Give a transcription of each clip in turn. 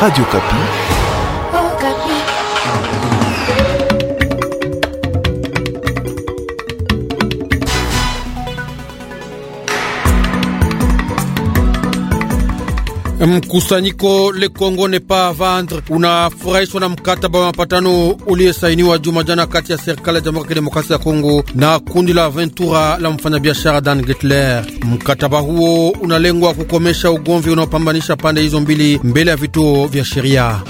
Radio Capi Mkusanyiko Le Congo ne pas vendre unafurahishwa na mkataba wa mapatano uliyesainiwa juma jana kati ya serikali ya Jamhuri ya Kidemokrasia ya Kongo na kundi la Ventura la mfanyabiashara Dan Getler. Mkataba huo unalengwa kukomesha ugomvi unaopambanisha pande hizo mbili mbele ya vituo vya sheria.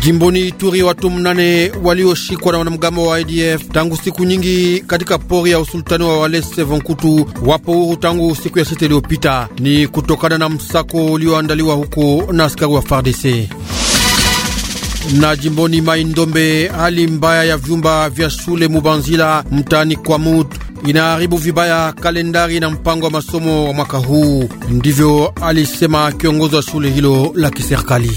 Jimboni Ituri watu mnane walioshikwa na wanamgambo wa ADF tangu siku nyingi katika pori ya usultani wa Walese Vonkutu wapo huru tangu siku ya sita iliyopita, ni kutokana na msako ulioandaliwa huko na askari wa FARDC. Na jimboni maindombe hali mbaya ya vyumba vya shule Mubanzila mtaani kwa Mut inaharibu vibaya kalendari na mpango wa masomo wa mwaka huu, ndivyo alisema kiongozi wa shule hilo la kiserikali.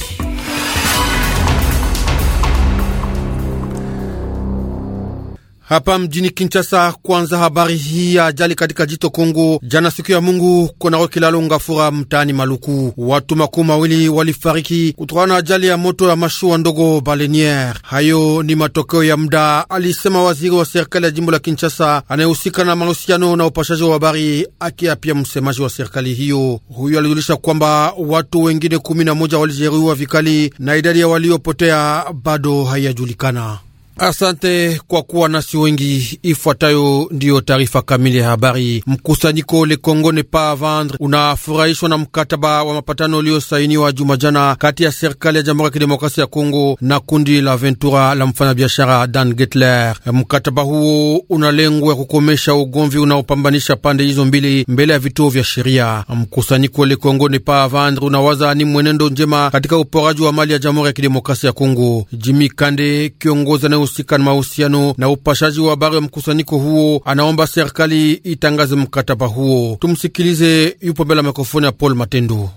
hapa mjini Kinshasa. Kwanza habari hii ya ajali katika jito Kongo jana siku ya Mungu konako kilalo Ngafura mtaani Maluku, watu makumi mawili walifariki kutokana na ajali ya moto ya mashua ndogo Baleniere. Hayo ni matokeo ya muda, alisema waziri wa serikali ya jimbo la Kinshasa anayehusika na mahusiano na upashaji wa habari, akiya pia msemaji wa serikali hiyo. Huyo alijulisha kwamba watu wengine kumi na moja walijeruhiwa vikali na idadi ya waliopotea bado haiyajulikana. Asante kwa kuwa nasi wengi. Ifuatayo ndiyo taarifa kamili ya habari. Mkusanyiko Le Congo Ne Pas Vendre unafurahishwa na mkataba wa mapatano uliosainiwa juma jana kati ya serikali ya Jamhuri ya Kidemokrasia ya Kongo na kundi la Ventura la mfanyabiashara Dan Getler. Mkataba huo una lengo ya kukomesha ugomvi unaopambanisha pande hizo mbili mbele ya vituo vya sheria. Mkusanyiko Le Congo Ne Pas Vendre unawaza ni mwenendo njema katika uporaji wa mali ya Jamhuri ya Kidemokrasia ya Kongo. Jimi Kande, kiongozi anayehusika na mahusiano na upashaji wa habari wa mkusanyiko huo anaomba serikali itangaze mkataba huo. Tumsikilize, yupo mbele ya mikrofoni ya Paul Matendo.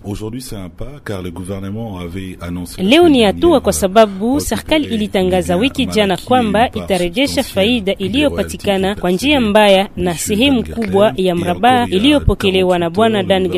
Leo ni hatua kwa sababu serikali ilitangaza wiki jana kwamba itarejesha faida iliyopatikana kwa njia mbaya na sehemu kubwa ya mrabaha iliyopokelewa na bwana Dan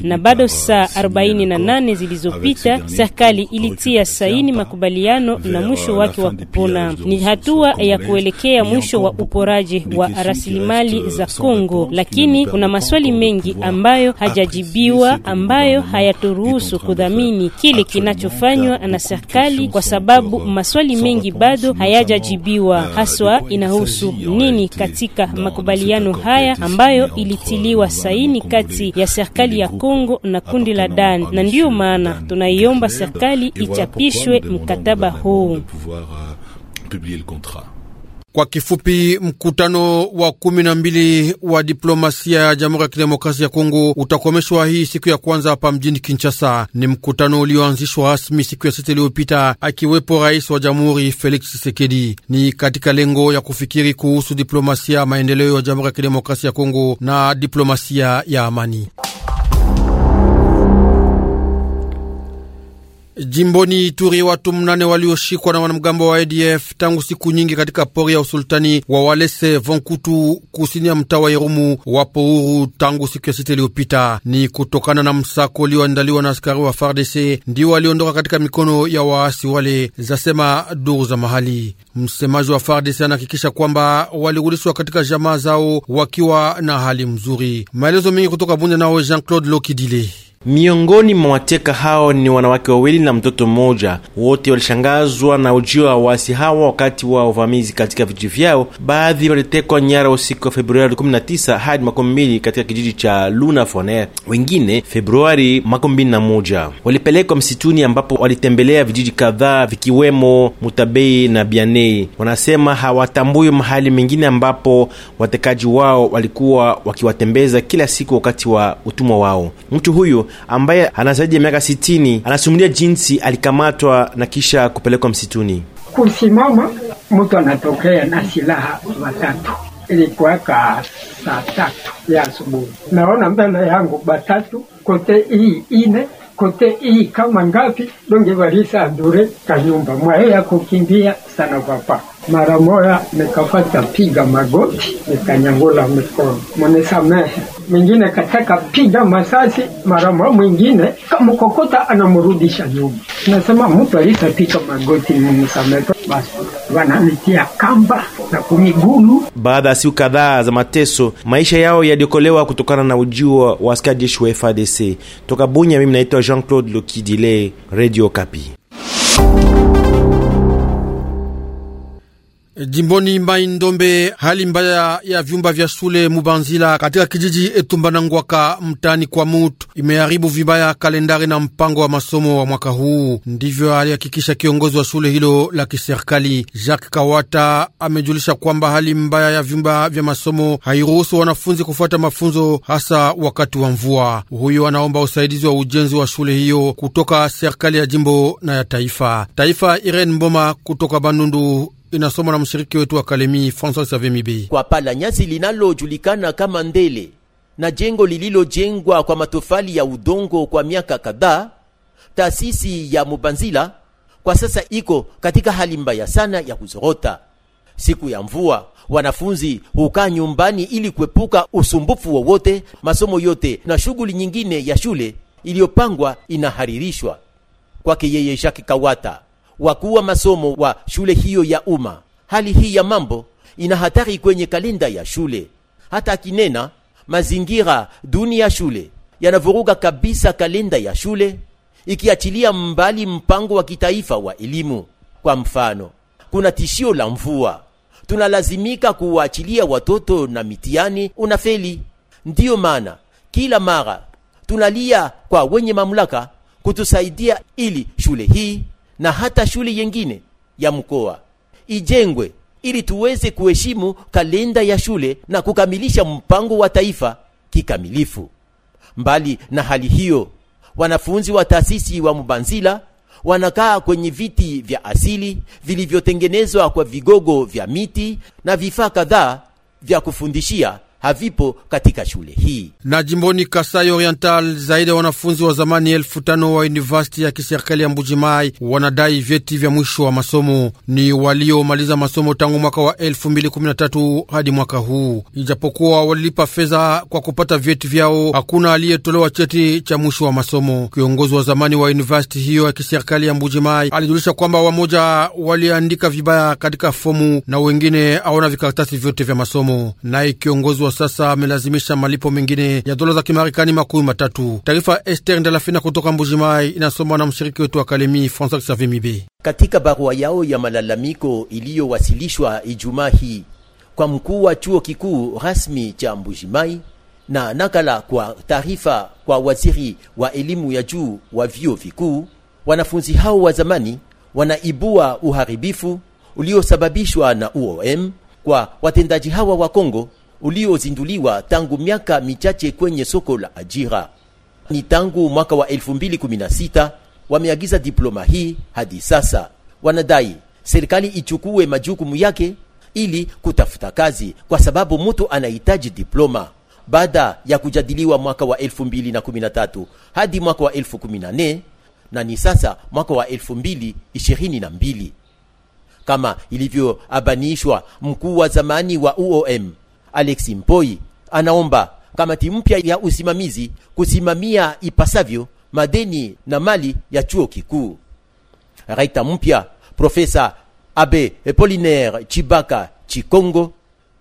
na bado saa 48 zilizopita serikali ilitia saini makubaliano na mwisho wake wa kupona ni hatua ya kuelekea mwisho wa uporaji wa rasilimali za Kongo, lakini kuna maswali mengi ambayo hajajibiwa ambayo hayaturuhusu kudhamini kile kinachofanywa na serikali, kwa sababu maswali mengi bado hayajajibiwa, uh, haswa inahusu nini katika makubaliano haya ambayo ilitiliwa saini kati ya serikali ya Kongo na kundi la DAN, na ndiyo maana tunaiomba serikali ichapishwe mkataba huu publier le contrat. Kwa kifupi, mkutano wa kumi na mbili wa diplomasia ya Jamhuri ya Kidemokrasia ya Kongo utakomeshwa hii siku ya kwanza hapa mjini Kinshasa. Ni mkutano ulioanzishwa rasmi siku ya sita iliyopita, akiwepo rais wa jamhuri Felix Tshisekedi. Ni katika lengo ya kufikiri kuhusu diplomasia ya maendeleo ya Jamhuri ya Kidemokrasia ya Kongo na diplomasia ya amani. Jimboni Ituri, watu mnane walioshikwa na wanamgambo wa ADF tangu siku nyingi katika pori ya usultani wa Walese Vonkutu, kusini ya mtaa wa Irumu, wapo huru tangu siku ya sita iliyopita. Ni kutokana na msako ulioandaliwa na askari wa FARDC ndio waliondoka katika mikono ya waasi wale, zasema duru za mahali. Msemaji wa FARDC anahakikisha kwamba walirudishwa katika jamaa zao wakiwa na hali mzuri. Maelezo mengi kutoka Bunja, nawe Jean Claude Lokidile. Miongoni mwa mateka hao ni wanawake wawili na mtoto mmoja. Wote walishangazwa na ujio wa waasi hawa wakati wa uvamizi katika vijiji vyao. Baadhi walitekwa nyara usiku wa Februari 19 hadi makumi katika kijiji cha Luna Foner, wengine Februari makumi na moja walipelekwa msituni ambapo walitembelea vijiji kadhaa vikiwemo Mutabei na Bianei. Wanasema hawatambui mahali mengine ambapo watekaji wao walikuwa wakiwatembeza kila siku wakati wa utumwa wao. Mtu huyu ambaye ana zaidi ya miaka sitini anasimulia jinsi alikamatwa na kisha kupelekwa msituni. Kusimama mtu anatokea na silaha watatu, ilikuwaka saa tatu ya asubuhi. Naona mbele yangu batatu kote, hii ine kote hii kama ngapi donge walisa dure kanyumba mwae ya kukimbia sana papa mara moya nikafata piga magoti nikanyangula mikono mwenesamehe mwingine kataka piga masasi mara mwingine kamkokota anamrudisha nyuma. Nasema mtu alitapika magoti nimsamehe, basi wananitia kamba na kumigulu. Baada ya siku kadhaa za mateso, maisha yao yaliokolewa kutokana na ujio wa askari jeshi wa FDC Toka Bunya, mimi naitwa Jean-Claude Lokidile, Radio Kapi. Jimboni Mai Ndombe, hali mbaya ya vyumba vya shule Mubanzila katika kijiji Etumba na Ngwaka mtaani kwa Mutu imeharibu vibaya kalendari na mpango wa masomo wa mwaka huu. Ndivyo alihakikisha kiongozi wa shule hilo la kiserikali. Jacques Kawata amejulisha kwamba hali mbaya ya vyumba vya masomo hairuhusu wanafunzi kufuata mafunzo, hasa wakati wa mvua. Huyo anaomba usaidizi wa ujenzi wa shule hiyo kutoka serikali ya jimbo na ya taifa. Taifa Irene Mboma kutoka Bandundu inasoma na mshiriki wetu wa Kalemi Francois Avemibi. Kwa pala nyasi linalojulikana kama ndele na jengo lililojengwa kwa matofali ya udongo kwa miaka kadhaa, taasisi ya Mubanzila kwa sasa iko katika hali mbaya sana ya kuzorota. Siku ya mvua wanafunzi hukaa nyumbani ili kuepuka usumbufu wowote. Masomo yote na shughuli nyingine ya shule iliyopangwa inaharirishwa. Kwake yeye Jacques Kawata wakuu wa masomo wa shule hiyo ya umma. Hali hii ya mambo ina hatari kwenye kalenda ya shule, hata akinena mazingira duni ya shule yanavuruga kabisa kalenda ya shule, ikiachilia mbali mpango wa kitaifa wa elimu. Kwa mfano, kuna tishio la mvua, tunalazimika kuwaachilia watoto na mitihani unafeli. Ndiyo maana kila mara tunalia kwa wenye mamlaka kutusaidia ili shule hii na hata shule yengine ya mkoa ijengwe ili tuweze kuheshimu kalenda ya shule na kukamilisha mpango wa taifa kikamilifu. Mbali na hali hiyo, wanafunzi wa taasisi wa Mubanzila wanakaa kwenye viti vya asili vilivyotengenezwa kwa vigogo vya miti na vifaa kadhaa vya kufundishia havipo katika shule hii. Na jimboni Kasai Oriental, zaidi ya wanafunzi wa zamani elfu tano wa universiti ya kiserikali ya Mbujimai wanadai vyeti vya mwisho wa masomo. Ni waliomaliza masomo tangu mwaka wa 2013 hadi mwaka huu, ijapokuwa walilipa fedha kwa kupata vyeti vyao, hakuna aliyetolewa cheti cha mwisho wa masomo. Kiongozi wa zamani wa universiti hiyo ya kiserikali ya Mbujimai alijulisha kwamba wamoja waliandika vibaya katika fomu na wengine hawana vikaratasi vyote vya masomo. Naye kiongozi wa sasa amelazimisha malipo mengine ya dola za Kimarekani makumi matatu. Taarifa Ester Ndalafina kutoka Mbujimai inasomwa na mshiriki wetu wa Kalemi Francois Xavier Mibe. Katika barua yao ya malalamiko iliyowasilishwa Ijumaa hii kwa mkuu wa chuo kikuu rasmi cha Mbujimai na nakala kwa taarifa kwa waziri wa elimu ya juu wa vyuo vikuu, wanafunzi hao wa zamani wanaibua uharibifu uliosababishwa na UOM kwa watendaji hawa wa Kongo uliozinduliwa tangu miaka michache kwenye soko la ajira. Ni tangu mwaka wa 2016 wameagiza diploma hii hadi sasa. Wanadai serikali ichukue majukumu yake ili kutafuta kazi, kwa sababu mtu anahitaji diploma. Baada ya kujadiliwa mwaka wa 2013 hadi mwaka wa 2014 na ni sasa mwaka wa 2022 kama ilivyoabanishwa mkuu wa zamani wa UOM Alex Mpoi anaomba kamati mpya ya usimamizi kusimamia ipasavyo madeni na mali ya chuo kikuu. Raita mpya Profesa Abe Polinaire Chibaka Chikongo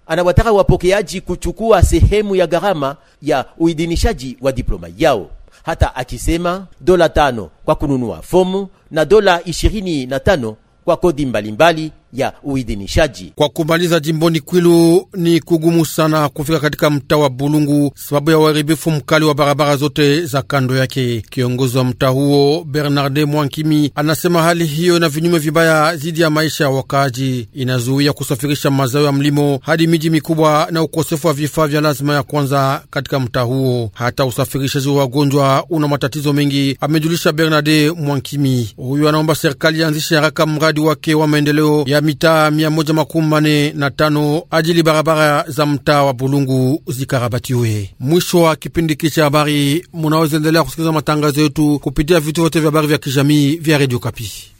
anawataka wapokeaji kuchukua sehemu ya gharama ya uidhinishaji wa diploma yao, hata akisema dola tano kwa kununua fomu na dola ishirini na tano kwa kodi mbalimbali ya uidhinishaji. Kwa kumaliza, jimboni Kwilu ni kugumu sana kufika katika mtaa wa Bulungu sababu ya uharibifu mkali wa barabara zote za kando yake. Kiongozi wa mtaa huo Bernarde Mwankimi anasema hali hiyo na vinyume vibaya dhidi ya maisha ya wakaaji, inazuia kusafirisha mazao ya mlimo hadi miji mikubwa na ukosefu wa vifaa vya lazima ya kwanza katika mtaa huo. Hata usafirishaji wa wagonjwa una matatizo mengi, amejulisha Bernarde Mwankimi. Huyu anaomba serikali anzishe haraka mradi wake wa maendeleo ya ya mitaa mia moja makumi mane na tano ajili barabara za mtaa wa Bulungu zikarabatiwe. Mwisho wa kipindi hiki cha habari, munaweza endelea kusikiliza matangazo yetu kupitia vitu vyote vya habari vya kijamii vya redio Kapi.